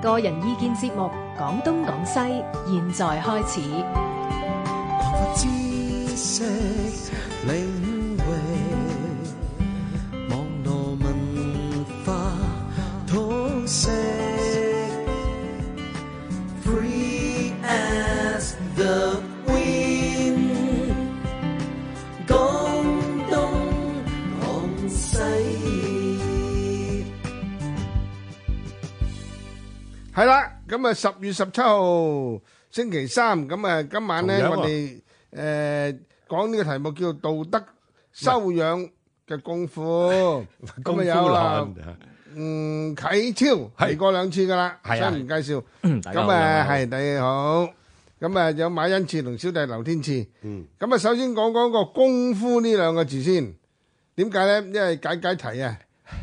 個人意見節目，講東講西，現在開始。 咁啊，十月十七號星期三，咁啊，今晚咧我哋誒講呢個題目叫道德修養嘅功夫。咁啊有啦，吳啟超嚟過兩次噶啦，新年介紹。咁啊，係你好。咁啊，有馬恩賜同小弟劉天賜。嗯。咁啊，首先講講個功夫呢兩個字先。點解咧？因為解解題啊。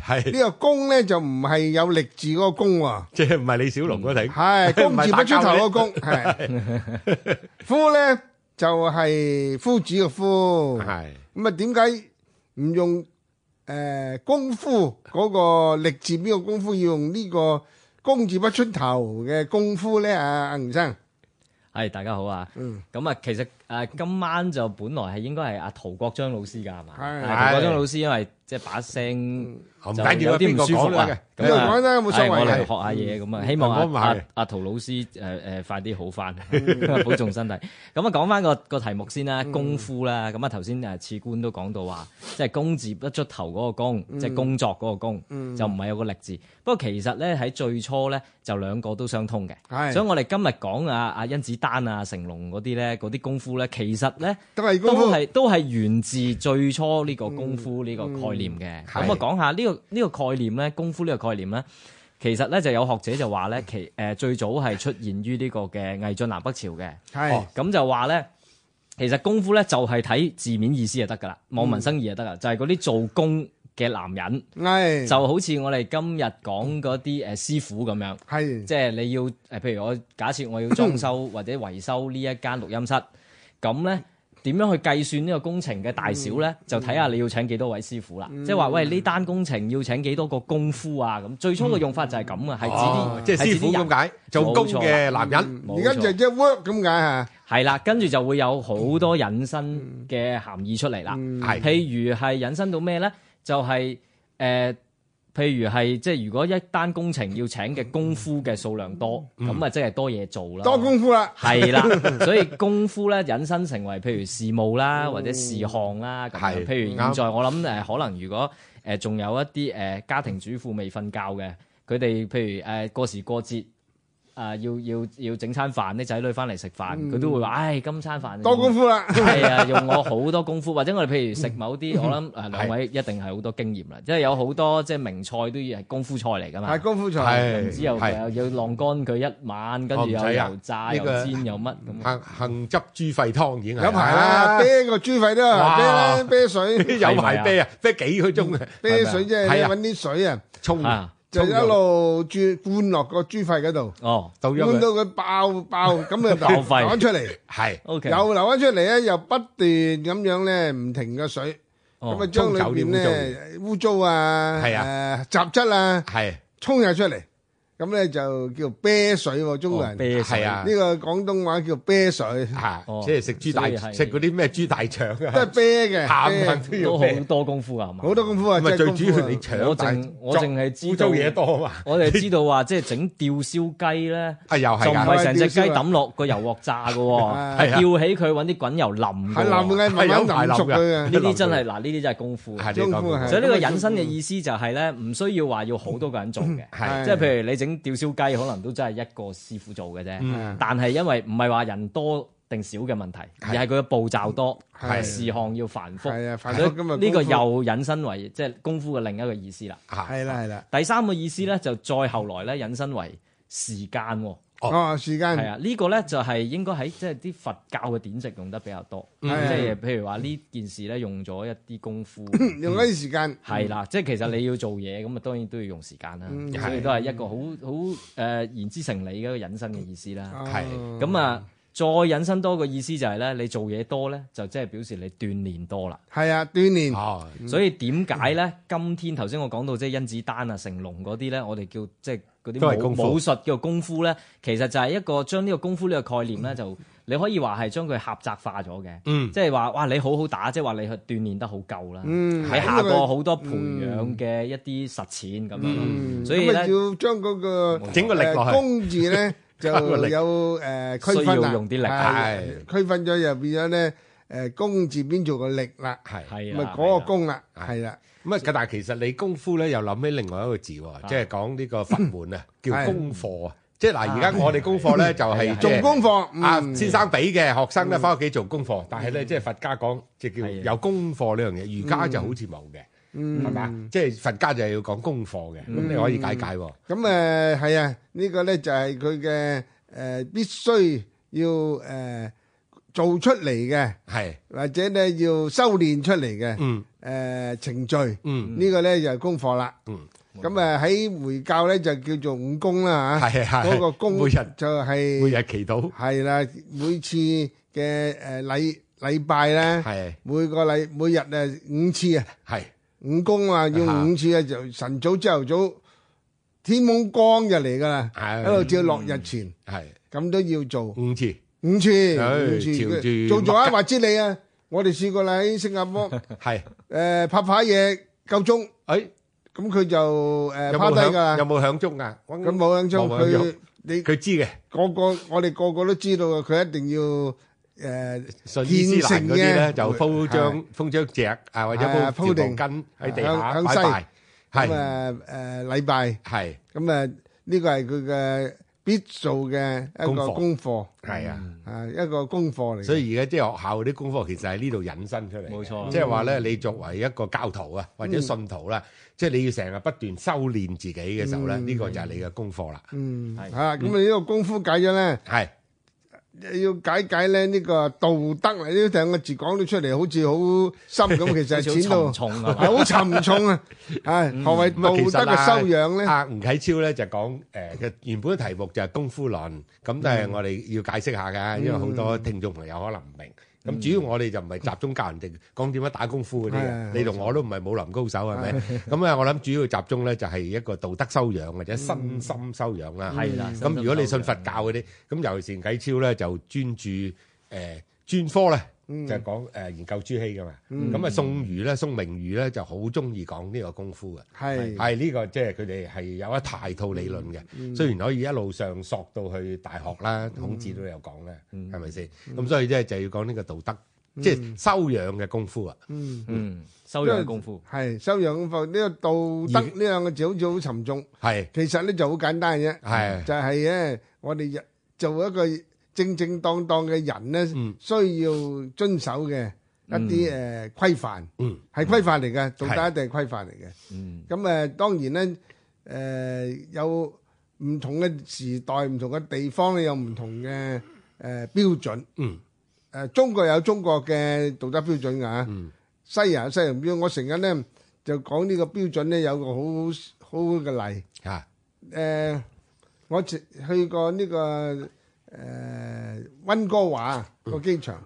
係呢個公咧就唔係有力字嗰個公，即係唔係李小龍嗰頂。係公字不出頭嗰個公，係夫咧就係夫子嘅夫，係咁啊？點解唔用誒功夫嗰個力字邊個功夫要用呢個公字不出頭嘅功夫咧？啊，阿吳生，係大家好啊。嗯，咁啊，其實。誒今晚就本來係應該係阿陶國章老師㗎係嘛？係，陶國章老師因為即係把聲，就有啲唔舒服嘅。咁有啊，我哋學下嘢，咁啊，希望阿阿陶老師誒誒快啲好翻，保重身體。咁啊，講翻個個題目先啦，功夫啦。咁啊，頭先誒賜官都講到話，即係工字不出頭嗰個功，即係工作嗰個功，就唔係有個力字。不過其實咧喺最初咧就兩個都相通嘅。所以我哋今日講阿阿甄子丹啊、成龍嗰啲咧嗰啲功夫。其實咧都係都係源自最初呢個功夫呢個概念嘅。咁啊、嗯，講、嗯、下呢、這個呢、這個概念咧，功夫呢個概念咧，其實咧就有學者就話咧，其誒、呃、最早係出現於呢個嘅魏晉南北朝嘅。係咁是、哦、就話咧，其實功夫咧就係睇字面意思就得噶啦，望文生義就得啦，嗯、就係嗰啲做工嘅男人，係是就好似我哋今日講嗰啲誒師傅咁樣，係即係你要誒，譬如我假設我要裝修或者維修呢一間錄音室。 咁咧，點樣，樣去計算呢個工程嘅大小咧？嗯、就睇下你要請幾多位師傅啦，嗯、即係話喂呢單工程要請幾多個功夫啊咁。最初嘅用法就係咁啊，係指啲即係師傅咁解，做工嘅男人。而家、嗯、就一 work 咁解啊，係啦、嗯，跟住就會有好多引申嘅含義出嚟啦。譬、嗯嗯、如係引申到咩咧？就係、是、誒。呃譬如係即係，如果一單工程要請嘅功夫嘅數量多，咁啊真係多嘢做啦，多功夫啦，係 啦，所以功夫咧引申成為譬如事務啦，或者事項啦，係、嗯，譬如現在錯我諗誒、呃、可能如果誒仲、呃、有一啲誒、呃、家庭主婦未瞓覺嘅，佢哋譬如誒、呃、過時過節。誒，要要要整餐飯，啲仔女翻嚟食飯，佢都會話，唉，今餐飯多功夫啦，係啊，用我好多功夫，或者我哋譬如食某啲，我諗誒兩位一定係好多經驗啦，即係有好多即係名菜都要係功夫菜嚟噶嘛，係功夫菜，之後又要晾乾佢一晚，跟住又油炸又煎又乜咁，杏汁豬肺湯已經有排啦，啤個豬肺都係，啤水有排啤啊，啤幾個鐘嘅，啤水即係搵啲水啊沖。就一路注灌落個豬肺度，哦，灌到佢、哦、爆爆咁啊流翻出嚟，係，OK，又流翻出嚟咧，又不斷咁樣咧唔停嘅水，咁啊將裏邊咧污糟啊，係啊，呃、雜質啊，係、啊，沖入出嚟。咁咧就叫啤水喎，中國人係啊，呢個廣東話叫啤水，嚇，即係食豬大食嗰啲咩豬大腸啊，都係啤嘅，鹹份都要啤，多功夫啊嘛，好多功夫啊，唔係最主要你搶，我淨我淨係知道嘢多啊嘛，我哋知道話即係整吊燒雞咧，係又係㗎，仲唔係成隻雞抌落個油鑊炸嘅喎，係吊起佢揾啲滾油淋，係淋嘅，係有淋淋嘅，呢啲真係嗱呢啲真係功夫，功夫係，所以呢個隱身嘅意思就係咧唔需要話要好多個人做嘅，係，即係譬如你食。吊燒雞可能都真係一個師傅做嘅啫。嗯、但係因為唔係話人多定少嘅問題，是而係佢嘅步驟多，係是事項要繁複，係啊，所以，呢個又引申為即係功夫嘅另一個意思啦。係啦係啦，第三個意思咧、嗯、就再後來咧引申為時間、哦。哦，oh, 時間係啊，呢、這個咧就係應該喺即係啲佛教嘅典籍用得比較多，即係的、嗯就是、譬如話呢件事咧用咗一啲功夫， 用一啲時間係啦。即係其實你要做嘢咁啊，當然都要用時間啦。的所以都係一個好好誒言之成理嘅引申嘅意思啦。係咁、嗯、啊，再引申多個意思就係、是、咧，你做嘢多咧，就即係表示你鍛煉多啦。係啊，鍛煉。哦、所以點解咧？今天頭先我講到即係甄子丹啊、成龍嗰啲咧，我哋叫、就是、即係。嗰啲武術嘅功夫咧，其實就係一個將呢個功夫呢個概念咧，就你可以話係將佢狹窄化咗嘅，嗯，即係話哇，你好好打，即係話你去鍛鍊得好夠啦，嗯，喺下個好多培養嘅一啲實踐咁樣，嗯，所以咧要將嗰個整個力個功字咧，就有誒區分啊，係區分咗入邊咗咧。誒，功字邊做個力啦，係，咪嗰個功啦，係啦，咁啊，但係其實你功夫咧又諗起另外一個字，即係講呢個佛門啊，叫功課啊，即係嗱，而家我哋功課咧就係做功課啊，先生俾嘅，學生咧翻屋企做功課，但係咧即係佛家講即係叫有功課呢樣嘢，儒家就好似冇嘅，係嘛，即係佛家就係要講功課嘅，咁你可以解解，咁誒係啊，呢個咧就係佢嘅誒必須要誒。做出嚟嘅，係或者咧要修練出嚟嘅，誒程序，呢個咧就係功課啦。咁誒喺回教咧就叫做五功啦嚇，嗰個功就係每日祈禱，係啦，每次嘅誒禮禮拜咧，每個禮每日誒五次啊，五功啊要五次啊，就晨早、朝頭早、天濛光就嚟噶啦，一路至落日前，咁都要做五次。五次，做咗啊，或者你啊，我哋試過啦喺新加坡，係誒拍牌嘢夠鐘，誒咁佢就誒趴低㗎啦，有冇響鐘㗎？咁冇響鐘，佢你佢知嘅，個個我哋個個都知道嘅，佢一定要誒。現成嗰啲咧就鋪張鋪張席啊，或者鋪條牀巾喺地下向西拜，係咁啊誒禮拜，係咁啊呢個係佢嘅。必做嘅一個功課，係課、嗯、啊，啊一個功課嚟。所以而家即係學校啲功課，其實喺呢度引申出嚟。冇錯錯，即係話咧，你作為一個教徒啊，或者信徒啦，即係、嗯、你要成日不斷修煉自己嘅時候咧，呢、嗯、個就係你嘅功課啦。嗯，係啊，咁你呢個功夫解咗咧，係、啊。要解解咧，呢個道德嚟，呢、這、兩個字講到出嚟好似好深咁，其實係 淺到重啊，好 沉重啊！啊、哎，嗯、何為道德嘅修養咧？啊，吳啟超咧就講誒嘅、呃、原本嘅題目就係功夫論，咁但係我哋要解釋下㗎，嗯、因為好多聽眾朋友可能唔明。咁、嗯、主要我哋就唔係集中教人哋講點樣打功夫嗰啲、哎、呀你同我都唔係武林高手係咪？咁我諗主要集中咧就係一個道德修養或者身心修養啦。係啦的。咁如果你信佛教嗰啲，咁尤其是吳啟超咧就專注誒、呃、專科啦。就係講誒研究朱熹噶嘛，咁啊宋儒咧宋明儒咧就好中意講呢個功夫嘅，係係呢個即係佢哋係有一大套理論嘅，雖然可以一路上溯到去大學啦，孔子都有講咧，係咪先？咁所以即係就要講呢個道德，即係修養嘅功夫啊，嗯嗯，修養嘅功夫係修養功夫呢個道德呢兩個字好似好沉重，係其實咧就好簡單嘅啫，係就係咧我哋做一個。正正當當嘅人咧，需要遵守嘅一啲誒規範，係規範嚟嘅道德，一定係規範嚟嘅。咁誒當然咧，誒有唔同嘅時代、唔同嘅地方咧，有唔同嘅誒標準。誒中國有中國嘅道德標準㗎，西人有西人標。我成日咧就講呢個標準咧，有個好好嘅例嚇誒。我去過呢個。誒溫哥華個機場，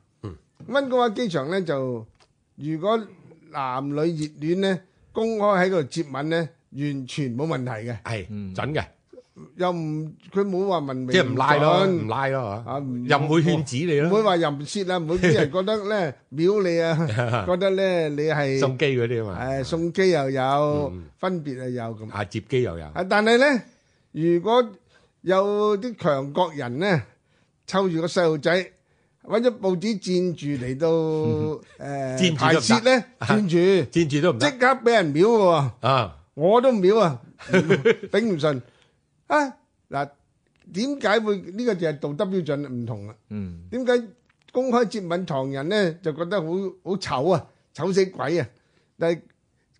溫哥華機場咧就如果男女熱戀咧，公開喺嗰度接吻咧，完全冇問題嘅，係準嘅。又唔佢冇話文明，即係唔拉咯，唔拉咯嚇。又唔會勸止你咯，唔會話又唔切啊，唔會畀人覺得咧藐你啊，覺得咧你係送機嗰啲啊嘛。誒送機又有分別啊，有咁啊接機又有。啊但係咧，如果有啲強國人呢，湊住個細路仔，揾咗報紙佔住嚟到誒排泄咧，佔、呃、住，佔住 都唔著 即刻俾人秒喎。啊，我都秒啊，頂唔順啊！嗱，點解會呢個就係道德標準唔同啦、啊？嗯，點解公開接吻唐人呢？就覺得好好醜啊，醜死鬼啊！但係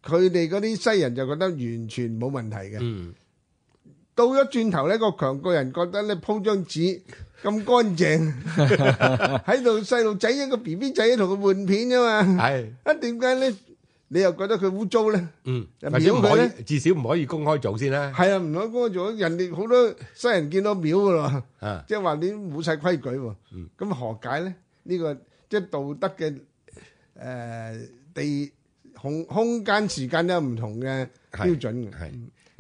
佢哋嗰啲西人就覺得完全冇問題嘅。嗯。到咗轉頭咧，個強國人覺得咧，鋪張紙咁乾淨，喺度細路仔一個 B B 仔同佢換片啫嘛。係啊，點解咧？你又覺得佢污糟咧？嗯，至少唔可以，至少唔可以公開做先啦。係啊，唔可以公開做，人哋好多西人見到秒噶喎。啊，即係話你冇曬規矩喎。嗯，咁何解咧？呢個即係道德嘅誒地空空間時間都有唔同嘅標準嘅。係。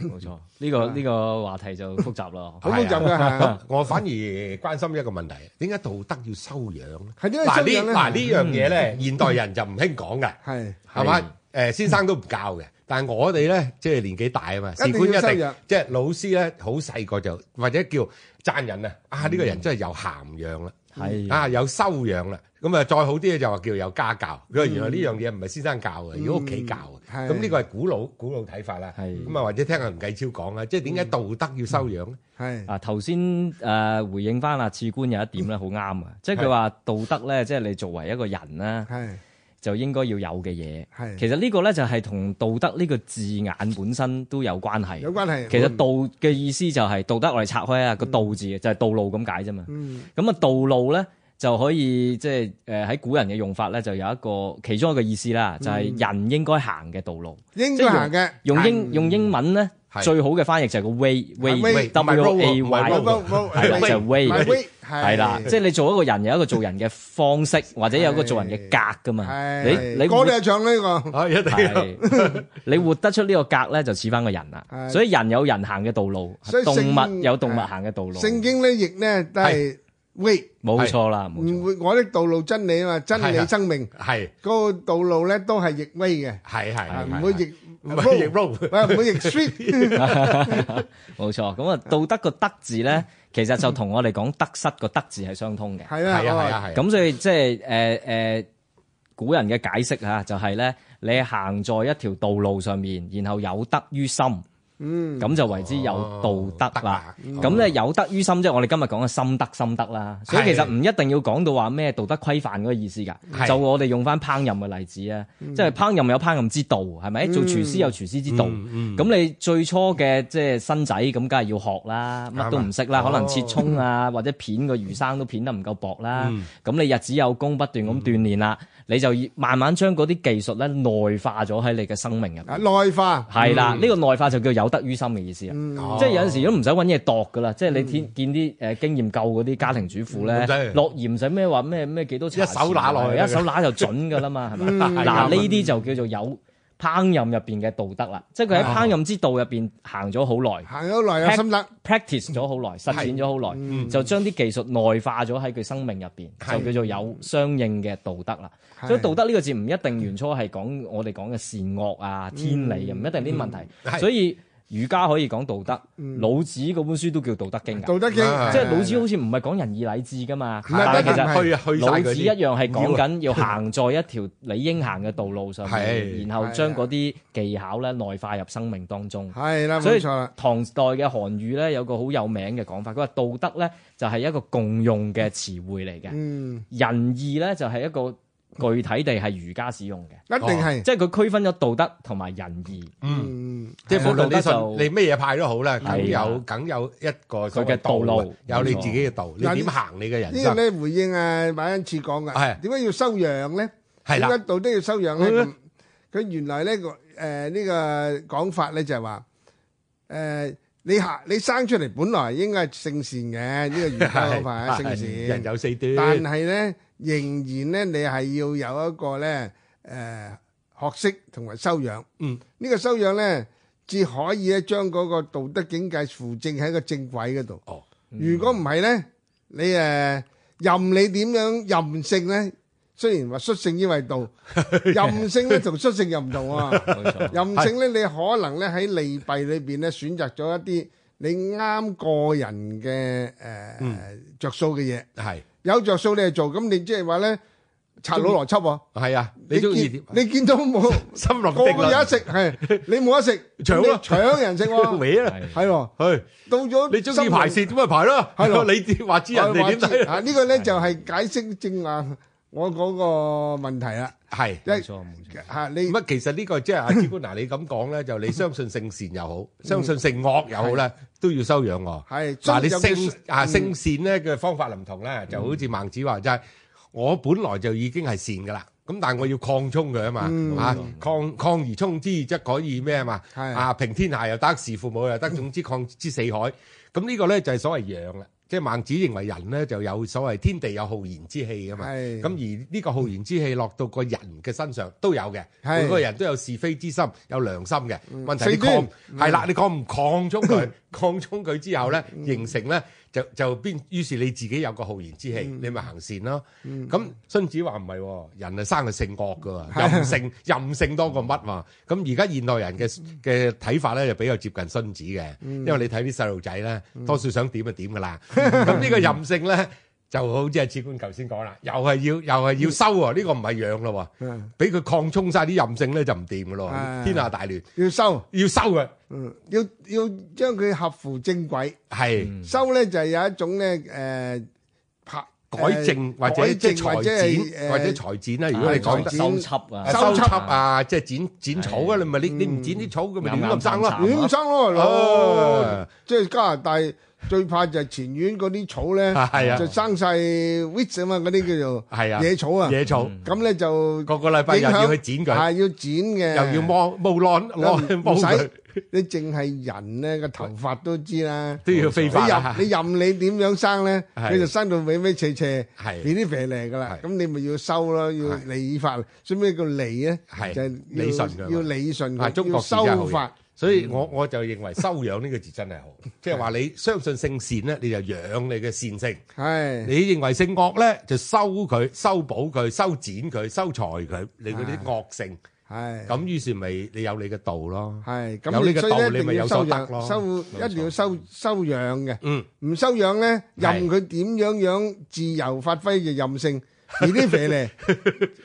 冇錯，呢、這個呢 個話題就複雜咯。咁複雜啊！ 我反而關心一個問題：點解道德要修養咧？係點樣修養咧？嗱呢樣嘢咧，現代人就唔興講噶。係係嘛？誒的，先生都唔教嘅。但係我哋咧，即、就、係、是、年紀大啊嘛，事官一定 即係老師咧，好細個就或者叫贊人啊！啊，呢、這個人真係有涵養啦，係、嗯、啊，有修養啦。咁啊，再好啲咧，就話叫有家教。佢、嗯、原來呢樣嘢唔係先生教嘅，如果屋企教咁呢個係古老古老睇法啦，咁啊是或者聽阿吳啟超講啦，即係點解道德要修養咧？係、嗯、啊頭先誒回應翻啊賜官有一點咧好啱啊，即係佢話道德咧，即係你作為一個人咧，是就應該要有嘅嘢。係是其實個呢個咧就係、是、同道德呢個字眼本身都有關係。有關係。其實道嘅意思就係、是嗯、道德，我哋拆開啊個道字就係、是、道路咁解啫嘛。嗯。咁啊、嗯、道路咧。就可以即係誒喺古人嘅用法咧，就有一個其中一個意思啦，就係人應該行嘅道路。應該行嘅，用英用英文咧，最好嘅翻譯就係個 way way，W-A-Y，就係 way，係啦。即係你做一個人有一個做人嘅方式，或者有一個做人嘅格㗎嘛。係，你我哋係講呢個，係一定。你活得出呢個格咧，就似返個人啦。所以人有人行嘅道路，動物有動物行嘅道路。聖經咧，亦咧都係。威，冇錯啦，唔會我的道路真理啊嘛，真理生命係嗰個道路咧，都係逆威嘅，係係唔會逆 road，唔會逆 street，冇錯。咁啊，道德個德字咧，其實就同我哋講得失個德字係相通嘅，係啊係啊係。咁所以即係誒誒，古人嘅解釋吓，就係咧，你行在一條道路上面，然後有得於心。嗯，咁就為之有道德啦。咁咧，有德於心，即係我哋今日講嘅心得心得啦。所以其實唔一定要講到話咩道德規範嗰個意思噶就我哋用翻烹飪嘅例子啊，即係烹飪有烹飪之道，係咪？做廚師有廚師之道。咁你最初嘅即係新仔，咁梗係要學啦，乜都唔識啦，可能切葱啊或者片個魚生都片得唔夠薄啦。咁你日子有功，不斷咁鍛煉啦，你就慢慢將嗰啲技術咧內化咗喺你嘅生命入面。內化係啦，呢個內化就叫做有得於心嘅意思啊，即係有陣時都唔使揾嘢度噶啦，即係你天見啲誒經驗夠嗰啲家庭主婦咧，落鹽使咩話咩咩幾多茶匙？一手拿落，一手拿就準噶啦嘛，係咪？嗱呢啲就叫做有烹飪入邊嘅道德啦，即係佢喺烹飪之道入邊行咗好耐，行咗耐有心得，practice 咗好耐，實踐咗好耐，就將啲技術內化咗喺佢生命入邊，就叫做有相應嘅道德啦。所以道德呢個字唔一定原初係講我哋講嘅善惡啊、天理，唔一定啲問題，所以。儒家可以講道德，嗯、老子嗰本書都叫《道德經》噶，《道德經》嗯、即係老子好似唔係講仁義禮智㗎嘛？唔係、嗯，但其實老子一樣係講緊要行在一條理應行嘅道路上面，嗯、然後將嗰啲技巧咧內化入生命當中。係啦的，冇錯所以唐代嘅韓愈咧有個好有名嘅講法，佢話道德咧就係一個共用嘅詞彙嚟嘅。嗯，仁義咧就係一個。具體地係儒家使用嘅，一定係即係佢區分咗道德同埋仁義。嗯，即係無論你信你咩嘢派都好啦，有梗有一個佢嘅道路，有你自己嘅道，你點行你嘅人生？呢個咧回應阿馬恩賜講嘅，點解要修養咧？點解道德要修養咧？佢原來咧誒呢個講法咧就係話誒。你下你生出嚟本來應該係性善嘅呢，這個儒家係啊性善，人有四端。但係咧仍然咧，你係要有一個咧誒、呃、學識同埋修養。嗯，呢個修養咧只可以咧將嗰個道德境界扶正喺個正軌嗰度。哦，嗯，如果唔係咧，你誒、呃、任你點樣任性咧？雖然話率性依為道，任性咧同率性又唔同啊。任性咧，你可能咧喺利弊裏邊咧選擇咗一啲你啱個人嘅誒着數嘅嘢。係有着數你係做，咁你即係話咧賊佬邏輯喎。係啊，你見你見到冇心落定啦。個個有得食係，你冇得食搶搶人性喎。係啊，喎。到咗你中意排泄點咪排咯？你話知人哋點啊？呢個咧就係解釋正話。我嗰個問題啦，係冇是錯冇錯，你乜其實呢個即係阿子官，娜你咁講咧， 就你相信性善又好， 相信性惡又好咧， 都要修養我。係嗱 是，但你性 啊性善咧嘅方法唔同啦，就好似孟子話就係、是、我本來就已經係善噶啦，咁但係我要擴充佢啊嘛， 啊擴擴而充之，即係可以咩 啊嘛，係啊平天下又得，事父母又得，總之擴之四海，咁呢個咧就係所謂養啦。即係孟子認為人咧就有所謂天地有浩然之氣啊嘛，咁的而呢個浩然之氣落到個人嘅身上都有嘅，的每個人都有是非之心，有良心嘅。嗯、問題你擴，係啦、嗯，你擴唔擴充佢，擴、嗯、充佢之後咧，嗯、形成咧。就就邊？於是你自己有個浩然之氣，你咪行善咯。咁荀、嗯嗯嗯、子話唔係，人係生嚟性惡噶，嗯、任性、嗯、任性多過乜喎？咁而家現代人嘅嘅睇法咧，就比較接近荀子嘅，因為你睇啲細路仔咧，嗯、多少想點就點噶啦。咁呢、嗯嗯、個任性咧。嗯嗯嗯嗯就好似係次官頭先講啦，又係要又係要收喎，呢個唔係養咯，俾佢擴充晒啲任性咧就唔掂噶咯，天下大亂，要收要收嘅，嗯，要要將佢合乎正軌，係收咧就係有一種咧，誒，拍改正或者即係裁剪或者裁剪啦，如果你講得，收輯啊，收輯啊，即係剪剪草啊，你咪你你唔剪啲草，咪亂咁生咯，亂咁生咯，即係加拿大。最怕就前院嗰啲草咧，就生晒 witch 啊嘛，嗰啲叫做係啊野草啊，野草咁咧就個個禮拜又要去剪佢，係要剪嘅，又要摸毛亂亂煲佢。你淨係人咧個頭髮都知啦，都要飛髮。你任你點樣生咧，你就生到歪歪斜斜，係你啲肥嚟噶啦。咁你咪要收咯，要理髮。所以咩叫理咧？係要理順佢，要理順佢，要修髮。所以我我就認為修養呢個字真係好，即係話你相信性善咧，你就養你嘅善性；係你認為性惡咧，就修佢、修補佢、修剪佢、修裁佢，你嗰啲惡性係咁，於是咪你有你嘅道咯。係咁，有呢個道你咪有得咯。修一定要修修養嘅，唔修養咧，任佢點樣樣自由發揮嘅任性，肥啲肥膩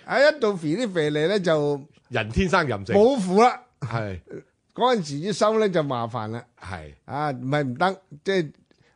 喺一到肥啲肥膩咧就人天生任性，好苦啦。係。嗰陣時一收咧就麻煩啦，係啊，唔係唔得，即係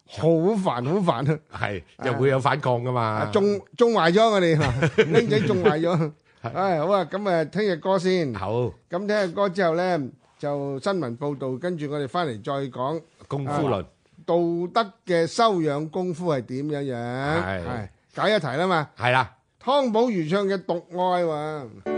好煩好煩啊，係又會有反抗噶嘛，中中壞咗我哋，僆仔中壞咗，唉好啊，咁誒聽日歌先，好，咁聽日歌之後咧就新聞報道，跟住我哋翻嚟再講功夫論，道德嘅修養功夫係點樣樣，係解一題啦嘛，係啦，湯寶如唱嘅《獨愛》喎。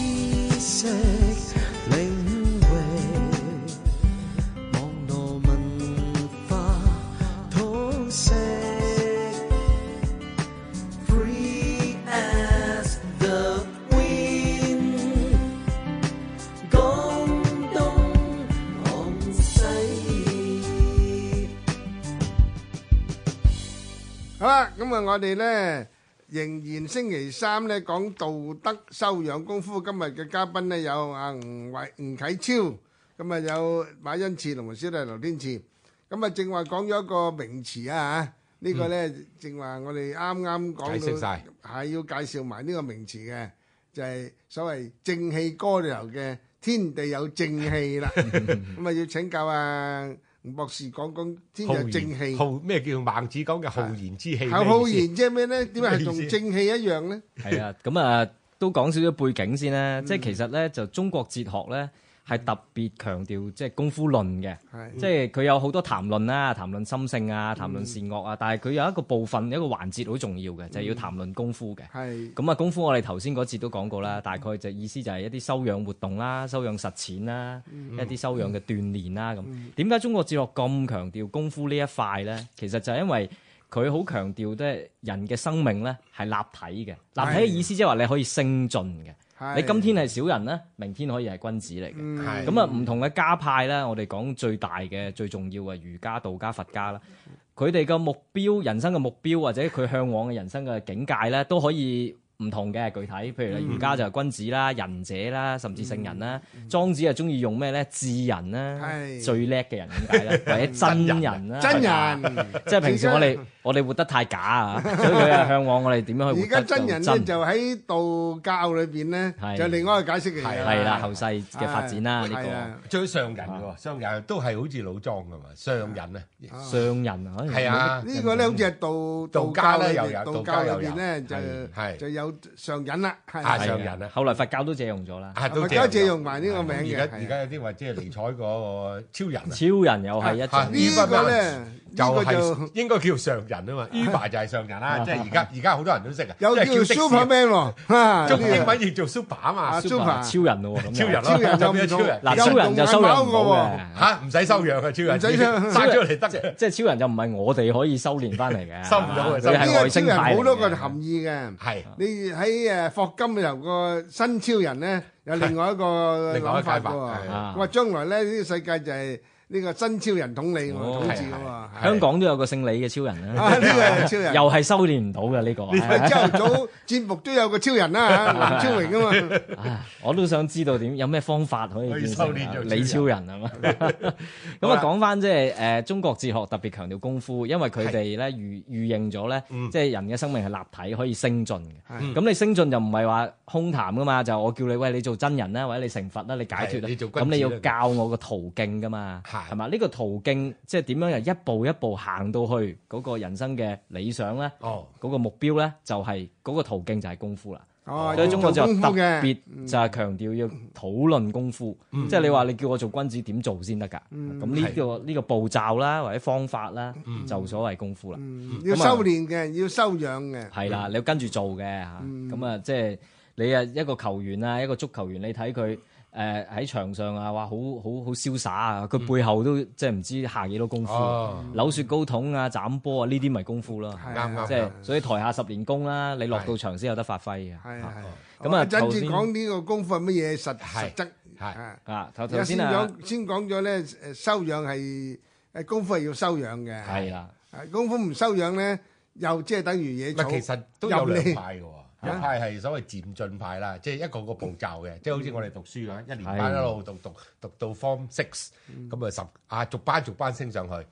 好啦，咁啊，我哋咧仍然星期三咧講道德修養功夫。今日嘅嘉賓咧有啊吳偉、吳啟超，咁啊有馬恩賜同埋小弟劉天賜。咁啊正話講咗一個名詞啊嚇，呢個咧正話我哋啱啱講到，介紹曬，係要介紹埋呢個名詞嘅，就係所謂正氣歌流嘅天地有正氣啦。咁啊要請教啊！博士講講天有正氣，浩，咩叫孟子講嘅浩然之氣？浩、啊、浩然即係咩咧？點解係同正氣一樣咧？係 啊，咁啊都講少少背景先啦、啊，嗯、即係其實咧就中國哲學咧。係特別強調即係功夫論嘅，是即係佢有好多談論啦，談論心性啊，談論善惡啊。嗯、但係佢有一個部分，有一個環節好重要嘅，就係、是、要談論功夫嘅。係咁啊，功夫我哋頭先嗰節都講過啦，大概就意思就係一啲修養活動啦，修養實踐啦，嗯、一啲修養嘅鍛鍊啦咁。點解、嗯、中國哲學咁強調功夫呢一塊咧？其實就係因為佢好強調即係人嘅生命咧係立體嘅，立體嘅意思即係話你可以升進嘅。你今天係小人咧，明天可以係君子嚟嘅。咁啊、嗯、唔同嘅家派我哋講最大嘅、最重要嘅儒家、道家、佛家啦，佢哋嘅目標、人生嘅目標或者佢向往嘅人生嘅境界都可以。唔同嘅具體，譬如儒家就君子啦、仁者啦，甚至聖人啦。莊子啊，中意用咩咧？智人啦，最叻嘅人點解咧？或者真人啦，真人，即係平時我哋我哋活得太假啊，所以佢係嚮往我哋點樣去活？而家真人咧就喺道教裏邊咧，就另外一個解釋嘅。係啦，後世嘅發展啦，呢個最上人嘅喎，上人都係好似老莊嘅嘛，上人啊，上人啊，係啊，呢個咧好似係道道教咧，道教裏邊咧就就有。上人啦，係上人啦。後來佛教都借用咗啦，而家借用埋呢個名嘅。而家而家有啲話即係尼采個超人，超人又係。呢個咧就係應該叫上人啊嘛，於爸就係上人啦。即係而家而家好多人都識啊，即係叫 Superman 喎，中英文亦做 Super 嘛，Super 超人咯喎，超人咯，超人就變咗超人，超人就修養過嚇，唔使修養嘅超人，殺咗嚟得即係超人就唔係我哋可以修練翻嚟嘅，收唔到嘅，呢個超人好多個含義嘅，係你。喺誒霍金又個新超人咧，有另外一個諗法喎。佢話、啊、將來咧，呢個世界就係、是。呢個真超人統理我統治啊嘛！香港都有個姓李嘅超人啦，又係修練唔到嘅呢個。朝早節目都有個超人啦，藍超榮啊嘛！我都想知道點有咩方法可以修練李超人啊嘛？咁啊，講翻即係誒中國哲學特別強調功夫，因為佢哋咧預預認咗咧，即係人嘅生命係立體可以升進嘅。咁你升進就唔係話空談噶嘛？就我叫你喂，你做真人啦，或者你成佛啦，你解脫啊？咁你要教我個途徑噶嘛？係嘛？呢個途徑即係點樣又一步一步行到去嗰個人生嘅理想咧？哦，嗰個目標咧就係嗰個途徑就係功夫啦。哦，所以中國就特別就係強調要討論功夫，即係你話你叫我做君子點做先得㗎？咁呢個呢個步驟啦，或者方法啦，就所謂功夫啦。要修練嘅，要修養嘅。係啦，你要跟住做嘅吓。咁啊，即係你啊一個球員啊，一個足球員，你睇佢。誒，喺、呃、場上啊，哇，好好好瀟灑啊！佢、嗯、背後都即係唔知下幾多功夫，哦、扭雪糕筒啊、斬波啊，呢啲咪功夫啦，啱啱對？即係所以台下十年功啦、啊，你落到場先有得發揮嘅。咁啊，真先講呢個功夫係乜嘢實實質係啊，頭先啊，先講咗咧，誒，修養係誒功夫係要修養嘅。係啦，功夫唔修養咧，又即係等於嘢草其實都有兩派嘅一派係所謂漸進派啦，即係一個個步驟嘅，即係好似我哋讀書咁，一年班一路讀讀讀到 Form Six，咁啊十啊逐班逐班升上去，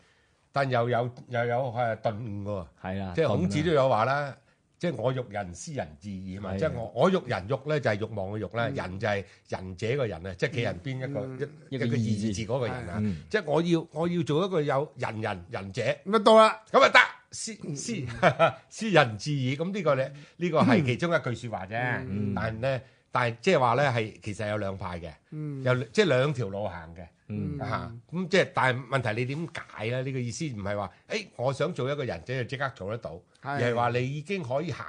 但又有又有係頓悟喎，係啊，即係孔子都有話啦，即係我欲仁，斯仁至矣嘛，即係我我欲仁欲咧就係欲望嘅欲啦，仁就係仁者嘅仁，啊，即係企人邊一個一一個二字嗰個仁啊，即係我要我要做一個有仁人仁者咁啊到啦，咁啊得。私私私仁至矣，咁呢個咧，呢個係其中一句説話啫、嗯嗯。但咧，但係即係話咧，係其實有兩派嘅，嗯、有即係、就是、兩條路行嘅嚇。咁即係，但係問題你點解咧？呢、這個意思唔係話，誒、欸，我想做一個仁者就即、是、刻做得到，嗯、而係話你已經可以行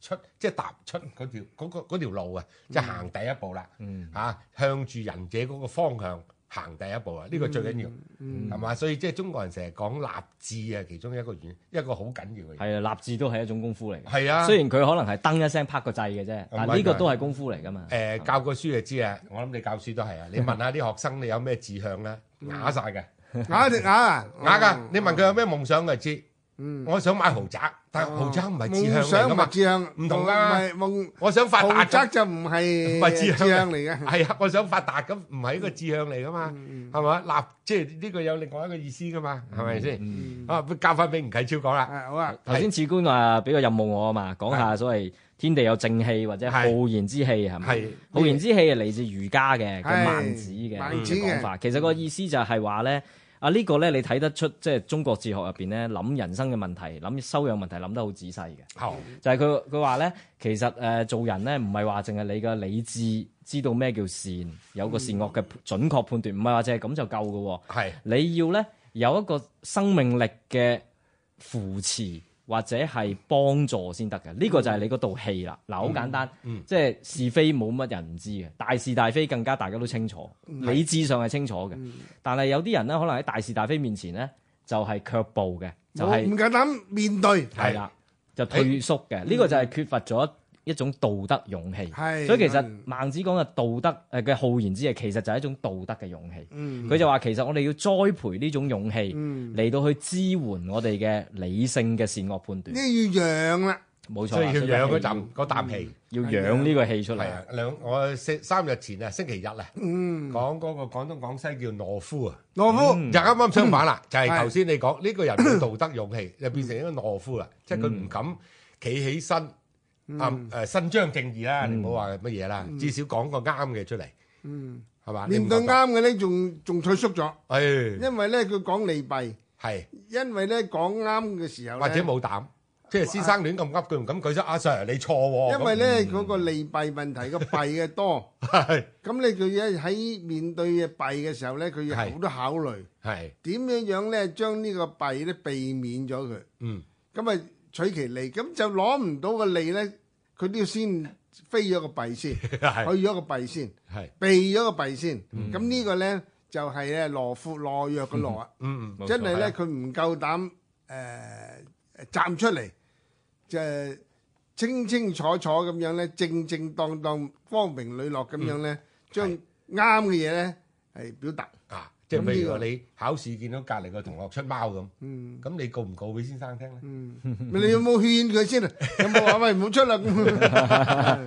出，即、就、係、是、踏出嗰條嗰、那個、路啊，即係行第一步啦。嚇、嗯嗯啊，向住仁者嗰個方向。行第一步啊，呢、這個最緊要係嘛、嗯嗯，所以即係中國人成日講立志啊，其中一個原因，一個好緊要嘅嘢。係啊，立志都係一種功夫嚟。係啊，雖然佢可能係噔一聲拍個掣嘅啫，啊、但呢個都係功夫嚟噶嘛。誒、呃，吧教過書就知啊，我諗你教書都係啊。 你問下啲學生你有咩志向啦？啞晒嘅。啞隻啞啊，啞㗎。 你問佢有咩夢想就，佢知。嗯，我想買豪宅，但豪宅唔係志向嚟噶嘛。志向唔同啦。唔係夢，我想發達則就唔係志向嚟嘅。係啊，我想發達咁唔係一個志向嚟噶嘛？係咪？嗱，即係呢個有另外一個意思噶嘛？係咪先？啊，佢交翻俾吳啟超講啦。誒，好啊。頭先賜官話俾個任務我啊嘛，講下所謂天地有正氣或者浩然之氣係咪？浩然之氣係嚟自儒家嘅嘅孟子嘅講法。其實個意思就係話咧。啊！呢個咧，你睇得出即係中國哲學入邊咧，諗人生嘅問題，諗修養問題，諗得好仔細嘅。好，就係佢佢話咧，其實誒做人咧，唔係話淨係你嘅理智知道咩叫善，有個善惡嘅準確判斷，唔係話淨係咁就夠嘅。係，你要咧有一個生命力嘅扶持。或者係幫助先得嘅，呢個就係你嗰道氣啦。嗱，好簡單，即係是非冇乜人唔知嘅，大是大非更加大家都清楚，理智上係清楚嘅。但係有啲人咧，可能喺大是大非面前咧，就係卻步嘅，就係唔夠膽面對，係啦，就退縮嘅。呢個就係缺乏咗。一種道德勇氣，所以其實孟子講嘅道德誒嘅浩然之氣，其實就係一種道德嘅勇氣。佢就話，其實我哋要栽培呢種勇氣嚟到去支援我哋嘅理性嘅善惡判斷。呢要養啦，冇錯，要養嗰啖氣，要養呢個氣出嚟。兩我四三日前啊，星期日啊，講嗰個廣東廣西叫懦夫啊，懦夫就啱啱相反啦，就係頭先你講呢個人嘅道德勇氣，就變成一個懦夫啦，即係佢唔敢企起身。啱誒伸張正義啦，你唔好話乜嘢啦，至少講個啱嘅出嚟，係嘛？面對啱嘅咧，仲仲退縮咗，係，因為咧佢講利弊，係，因為咧講啱嘅時候，或者冇膽，即係先生亂咁噏，佢唔敢舉出阿 Sir，你錯喎。因為咧嗰個利弊問題，個弊嘅多，係，咁你佢喺面對嘅弊嘅時候咧，佢要好多考慮，係，點樣樣咧將呢個弊咧避免咗佢，嗯，咁啊。取其利，咁就攞唔到個利咧，佢都要先飛咗個弊先， 是去咗個弊先，是避咗個弊先。咁、嗯、呢個咧就係咧懦夫懦弱嘅懦啊！嗯嗯、真係咧，佢唔的夠膽誒、呃、站出嚟，就係清清楚楚咁樣咧，正正當當、光明磊落咁樣咧，嗯嗯、將啱嘅嘢咧係表達。啊。即係譬如你考試見到隔離個同學出貓咁，咁、嗯、你告唔告俾先生聽咧？嗯、你有冇勸佢先啊？ 有冇話喂唔好出啦？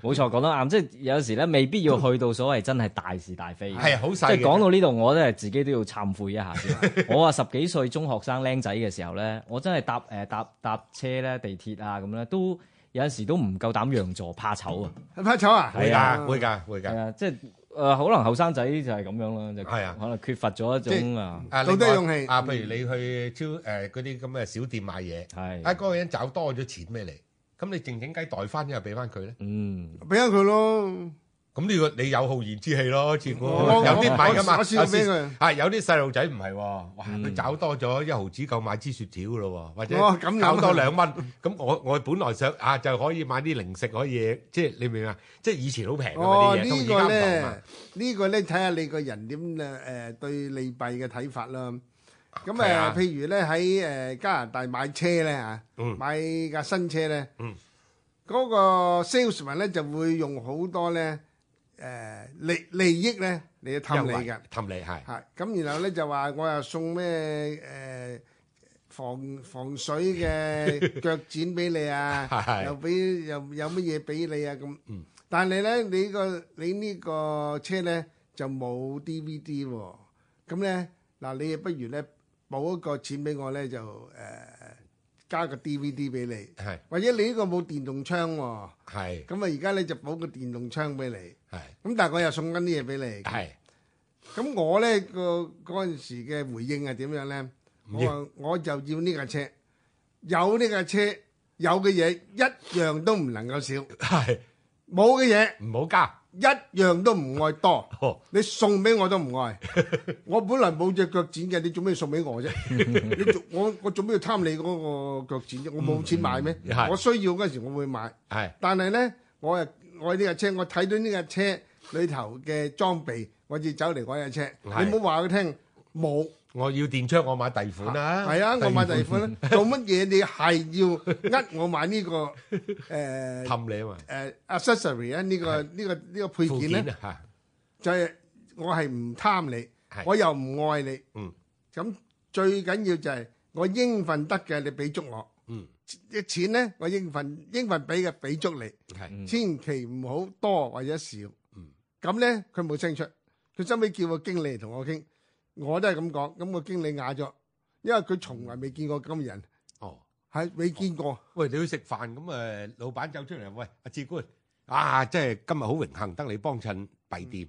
冇錯，講得啱。即係有時咧，未必要去到所謂真係大是大非。係好即係講到呢度，我都係自己都要懺悔一下。 我話十幾歲中學生僆仔嘅時候咧，我真係搭誒搭搭車咧、地鐵啊咁咧，都有陣時都唔夠膽讓座，怕醜啊！怕醜啊？ 會㗎的，會㗎，會㗎。係啊，即係。誒、呃、可能後生仔就係咁樣啦，就、啊、可能缺乏咗一種是啊，鼓得勇氣啊。譬如你去超誒嗰啲咁嘅小店買嘢，是的 啊嗰、那個人找多咗錢俾你，咁你靜靜雞袋翻之後俾翻佢咧，嗯，俾翻佢咯。咁呢個你有浩然之氣咯，似我有啲唔係噶嘛，啊有啲細路仔唔係喎，哇佢找多咗一毫子夠買支雪條噶咯喎，或者找多兩蚊，咁我我本來想啊就可以買啲零食可以，即係你明唔明？即係以前好平嘅呢嘢，同而家唔同啊！呢個咧睇下你個人點誒對利弊嘅睇法咯。咁誒，譬如咧喺誒加拿大買車咧嚇，買架新車咧，嗰個 salesman 咧就會用好多咧。誒、呃、利利益咧，你要氹你嘅氹你係係咁，然後咧就話我又送咩誒、呃、防防水嘅腳墊俾你啊？係係又俾又有乜嘢俾你啊？咁嗯，但係咧你個你呢你、這個、你個車咧就冇 D V D 喎、哦，咁咧嗱你不如咧補一個錢俾我咧就誒、呃、加個 D V D 俾你，係是或者你呢個冇電動窗喎、哦，咁啊而家咧就補個電動窗俾你。係，咁但係我又送緊啲嘢俾你。係，咁我咧個嗰陣時嘅回應係點樣咧？我話我就要呢架車，有呢架車，有嘅嘢一樣都唔能夠少。係，冇嘅嘢唔好加，一樣都唔愛多。你送俾我都唔愛，我本來冇隻腳剪嘅，你做咩送俾我啫？你做我我做咩要貪你嗰個腳剪啫？我冇錢買咩？我需要嗰陣時我會買。係，但係咧我又。我呢架車，我睇到呢架車裏頭嘅裝備，我就走嚟買架車。你唔好話佢聽冇。我要電窗，我買第二款啦。係啊，我買第二款啦。做乜嘢？你係要呃我買呢個誒？貪你啊嘛？誒 accessory 啊，呢個呢個呢個配件咧，就係我係唔貪你，我又唔愛你。嗯，咁最緊要就係我應份得嘅，你俾足我。啲錢咧，我應份應份俾嘅俾足你，係，千祈唔好多或者少。咁咧佢冇清出，佢收尾叫個經理同我傾，我都係咁講。咁個經理啞咗，因為佢從來未見過咁人。哦，係未見過、哦哦。喂，你要食飯咁誒、嗯？老闆走出嚟，喂，阿、啊、志官，啊，真係今日好榮幸得你幫襯敝店。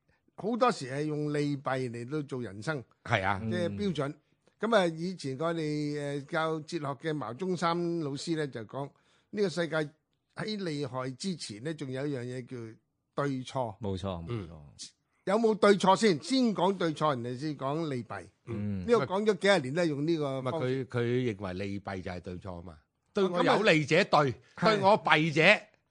好多時係用利弊嚟到做人生，係啊，即係標準。咁啊，嗯、以前我哋誒教哲學嘅牟宗三老師咧就講，呢、呢個世界喺利害之前咧，仲有一樣嘢叫對錯。冇錯，冇錯。嗯、有冇對錯先？先講對錯，人哋先講利弊。嗯，呢個講咗幾十年咧，用呢個。唔佢佢認為利弊就係對錯啊嘛。對我有利者對，嗯嗯、對我弊者。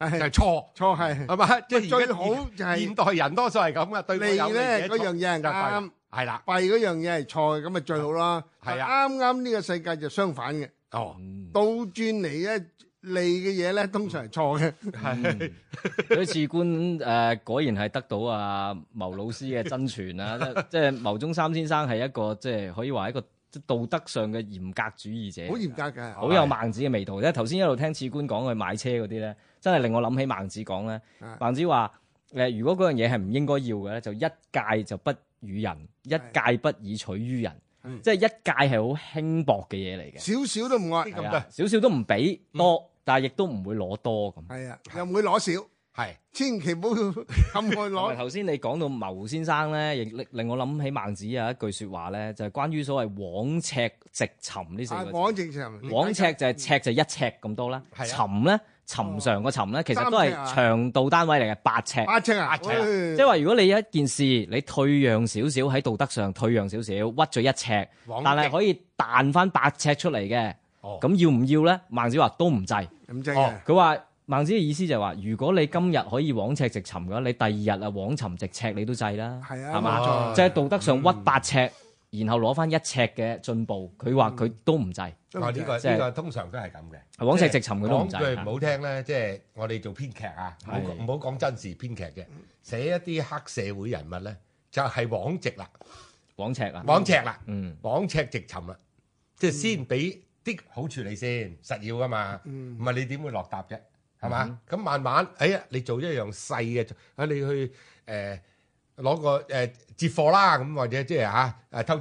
係錯錯係，係嘛？即係最好就係現代人多數係咁啊，利咧嗰樣嘢係啱，係啦，弊嗰樣嘢係錯，咁咪最好啦。係啊，啱啱呢個世界就相反嘅。哦，倒轉嚟咧，利嘅嘢咧通常係錯嘅。係，所以次官誒果然係得到阿牟老師嘅真傳啊！即係牟宗三先生係一個即係可以話一個道德上嘅嚴格主義者，好嚴格嘅，好有孟子嘅味道。即係頭先一路聽次官講佢買車嗰啲咧。真係令我諗起孟子講咧，孟子話：誒，如果嗰樣嘢係唔應該要嘅咧，就一介就不與人，一介不以取於人，即係一介係好輕薄嘅嘢嚟嘅。少少都唔愛，少少都唔俾多，但係亦都唔會攞多咁。係啊，又唔會攞少，係千祈唔好咁愛攞。頭先你講到牟先生咧，亦令令我諗起孟子有一句説話咧，就係關於所謂枉尺直尋呢四個字。枉尺直尋，枉尺就係尺就一尺咁多啦，尋咧。尋常個尋咧，其實都係長度單位嚟嘅，八尺。八尺、啊、八尺、啊、即係話，如果你有一件事，你退讓少少，喺道德上退讓少少，屈咗一尺，但係可以彈翻八尺出嚟嘅。哦，咁要唔要咧？孟子話都唔制。唔制啊！佢話、哦、孟子嘅意思就係話，如果你今日可以枉尺直尋嘅話，你第二日啊枉尋直尺你都制啦。係啊，冇錯。即係、哎、道德上屈八尺。嗯嗯然後攞翻一尺嘅進步，佢話佢都唔制。呢個呢個通常都係咁嘅。往尺直尋佢都唔制。唔好聽咧，即係我哋做編劇啊，唔好講真事編劇嘅，寫一啲黑社會人物咧，就係往直啦，往尺啊，往尺啦，嗯，往尺直尋啊，即係先俾啲好處理先，實要㗎嘛。唔係你點會落答啫，係嘛？咁慢慢，哎呀，你做一樣細嘅，啊，你去誒攞個誒接貨啦，咁或者即係嚇誒偷。